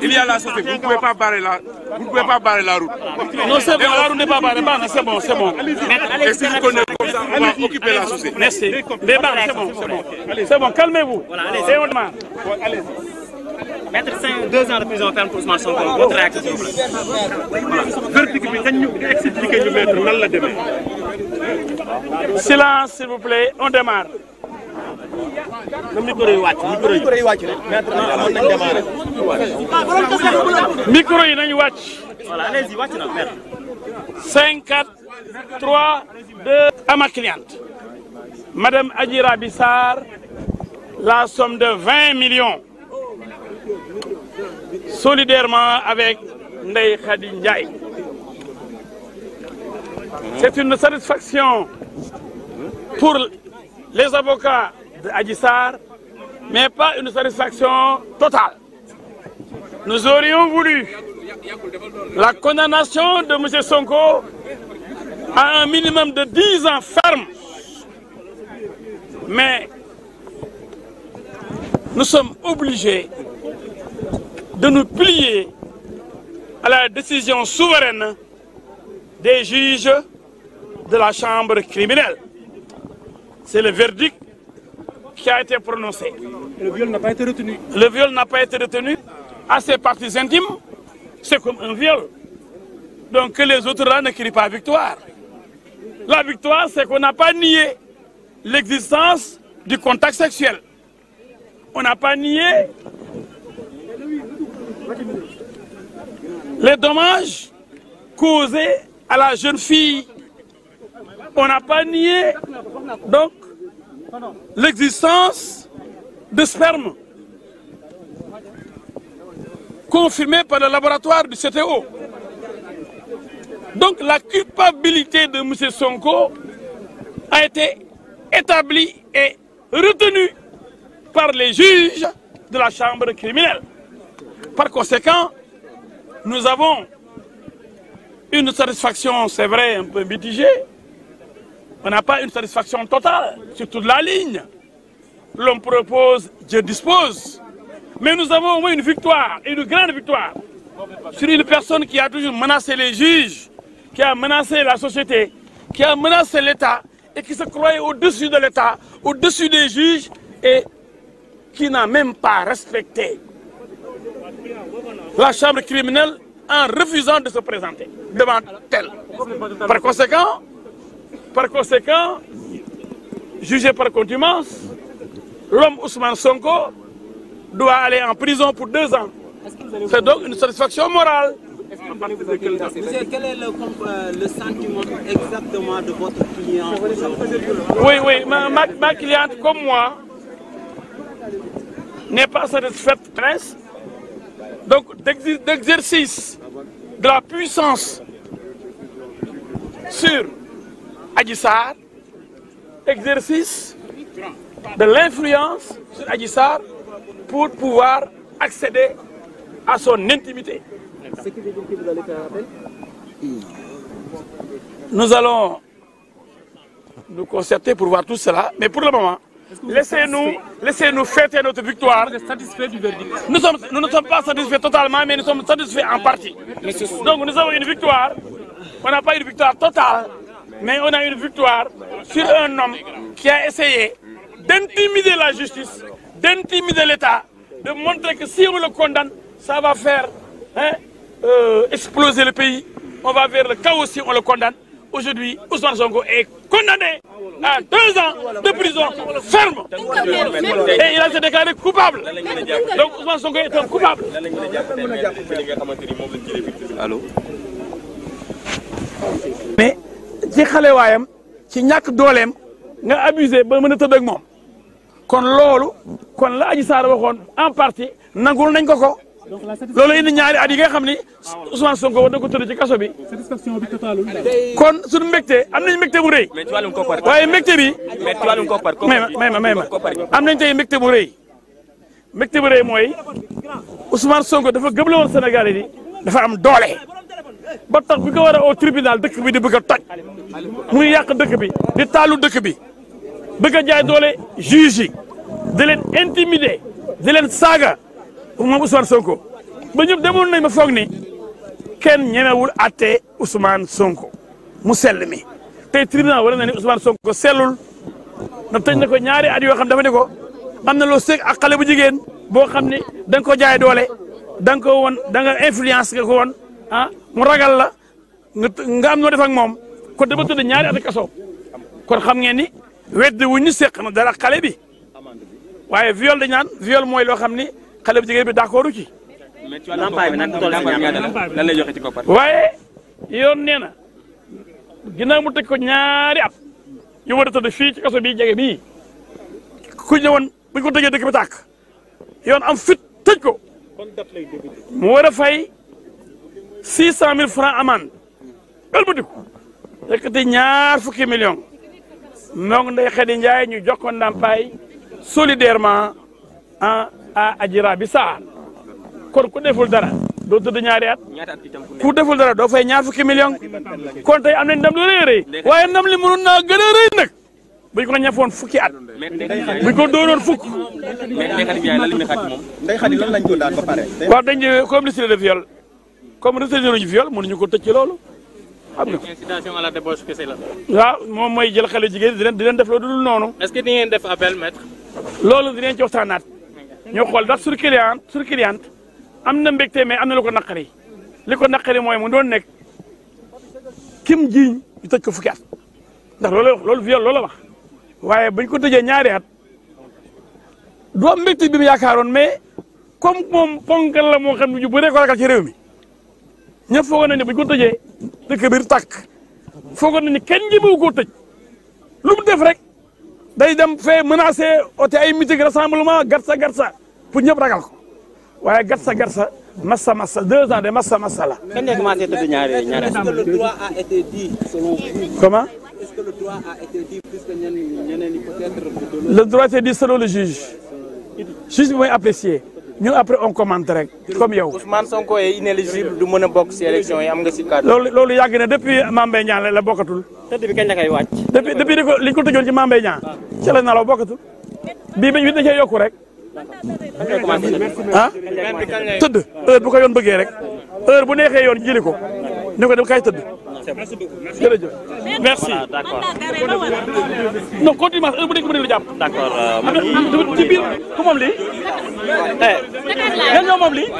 il y a la société, vous ne pouvez pas barrer la, vous pouvez pas barrer la route. Non, c'est bon, la route n'est pas barrée, c'est bon, c'est bon. Et si vous connaissez comme ça, on va occuper la société. Merci. Les barres, c'est bon, c'est bon. C'est bon, calmez-vous. Voilà, on demande. allez Maître Saint, deux ans de prison ferme pour ce Sonko votre réaction s'il vous plaît. expliquer maître nan la silence s'il vous plaît on démarre micro y 5 4 3 2. à ma cliente. madame Adira Bissar la somme de 20 millions solidairement avec Ndeye Khady c'est une satisfaction pour les avocats de mais pas une satisfaction totale. Nous aurions voulu la condamnation de M. Sonko à un minimum de 10 ans ferme. Mais nous sommes obligés de nous plier à la décision souveraine des juges de la chambre criminelle. C'est le verdict qui a été prononcé. Le viol n'a pas été retenu. Le viol n'a pas été retenu à ses parties intimes. C'est comme un viol. Donc les autres là ne crient pas victoire. La victoire, c'est qu'on n'a pas nié l'existence du contact sexuel. On n'a pas nié les dommages causés à la jeune fille. On n'a pas nié donc l'existence de sperme confirmée par le laboratoire du CTO. Donc la culpabilité de M. Sonko a été établie et retenue par les juges de la chambre criminelle. Par conséquent, nous avons une satisfaction, c'est vrai, un peu mitigée, on n'a pas une satisfaction totale sur toute la ligne. L'homme propose, Dieu dispose. Mais nous avons au moins une victoire, une grande victoire, sur une personne qui a toujours menacé les juges, qui a menacé la société, qui a menacé l'État et qui se croyait au-dessus de l'État, au-dessus des juges et qui n'a même pas respecté la chambre criminelle en refusant de se présenter devant elle. Par conséquent, par conséquent, jugé par contumance, l'homme Ousmane Sonko doit aller en prison pour deux ans. C'est donc une satisfaction morale. quel est euh, le, sentiment exactement de votre client Oui, oui, ma, cliente comme moi n'est pas satisfaite donc d'exercice de la puissance sur Agissar exercice de l'influence sur Agissar pour pouvoir accéder à son intimité. Nous allons nous concerter pour voir tout cela, mais pour le moment, laissez-nous laissez fêter notre victoire. Nous, nous ne sommes pas satisfaits totalement, mais nous sommes satisfaits en partie. Donc nous avons une victoire, on n'a pas une victoire totale mais on a une victoire sur un homme qui a essayé d'intimider la justice, d'intimider l'État, de montrer que si on le condamne, ça va faire hein, euh, exploser le pays. On va vers le chaos si on le condamne. Aujourd'hui, Ousmane Zongo est condamné à deux ans de prison ferme. Et il a été déclaré coupable. Donc Ousmane Zongo est un coupable. Allô Mais ci xalewaayam ci ñàkk dooleem nga abusé ba mën a tëdd moom kon loolu kon la saar Sarr waxoon en parti nangul nañ ko ko loolu indi ñaari at yi nga xam ni Ousmane Sonko war na ko tëdd ci kaso bi kon suñu mbégte am nañ mbégte bu rëy waaye mbégte bi may ma may ma may ma am nañ tey mbégte bu rëy mbégte bu rëy mooy Ousmane Sonko dafa gëmla woon Sénégal yi dafa am doole ba tax bi ko war a au tribunal dëkk bi di bëgg a toj muy yàq dëkk bi di taalu dëkk bi bëgg a jaay doole juge yi di leen intimider di leen saaga moom Ousmane Sonko ba ñëpp demoon nañ ma foog ni kenn ñemewul àtte Ousmane Sonko mu sell mi tey tribunal war na ni Ousmane Sonko sellul na tëj na ko ñaari at yoo xam dafa ne ko am na loo seeg ak xale bu jigéen boo xam ne da ko jaay doole da nga ko woon da nga ko woon ah mu ragal la nga am noo def ak moom kon dama tëdd ñaari at kaso kon xam ngeen ni wedd wu ñu seq na dara xale bi waaye viol dañ naan viol mooy loo xam ni kale bu jigéen bi d'accordu ci. lampaay bi nag lan lay joxe ci koppar. waaye yoon nee na ginnaaw mu teg ko ñaari at yu war a tëdd fii ci kaso bi jege bii ku ñëwoon bu ñu ko tëjee dëkk bi tàkk yoon am fit tëj ko mu war fay. six cent mille francs amende ël bu dikku ñaar fukki million moom Ndeye Khady Ndiaye ñu jox ko ndàmpaay solidairement ah à Adjira bi Sarr kon ku deful dara doo tëdd ñaari at ku deful dara doo fay ñaar fukki million kon tey am nañ ndam lu rëy a rëy waaye ndam li mënoon naa gën a rëy nag buñ ko ñafoon fukki at buñ ko dóoroon fukk. mais Ndeye Khady Ndiaye lan lañ ko daan ba pare. comme retenir nañu viol ñu ko tëj ci loolu. xam nga incitation à la débauche kese la. waaw moom mooy jël xale jigéen di leen di def loolu dul noonu. est-ce que di ngeen def appel maître. loolu dinañ ci waxtaanaat. ñoo xool ndax sur client sur client am na mbégte mais am na lu ko naqari li ko naqari mooy mu doon nekk kim jiiñ ji tëj ko fukki at ndax loolu loolu viol loolu wax waaye bañ ko tëjee ñaari at doo am mbégte bi yaakaaroon mais comme moom ponkal la moo xam ne ñu bëree ko ragal ci réew mi. ñëpp foogoon na ni buñ ko tëjee dëkk biir tàkk foogoon na ni lu mu def rek day dem fee menacé oote ay meeting rassemblement garsa garsa pour ñëpp ragal ko waaye garsa garsa massa massa deux ans de massa massa la. kenn de droit été dit selon le droit a bi mooy apprécier. ñu après on commente rek comme yow Ousmane Sonko est inéligible du mëna bok ci élection yi am nga ci cadre lolu lolu yag na depuis Mambay Niang la bokatul teud bi kañ la kay wacc depuis depuis diko liñ ko tejon ci Mambay Niang ci la la bokatul bi bañ wit na ci yokku rek ah teud heure bu ko yon bëggé rek heure bu nexé yoon jëli ko dem kay teud Merci beaucoup. Ah, Merci. Non, continue, heure bu nek mëna la japp. D'accord. Euh, ci bir ñan ñoo moom lii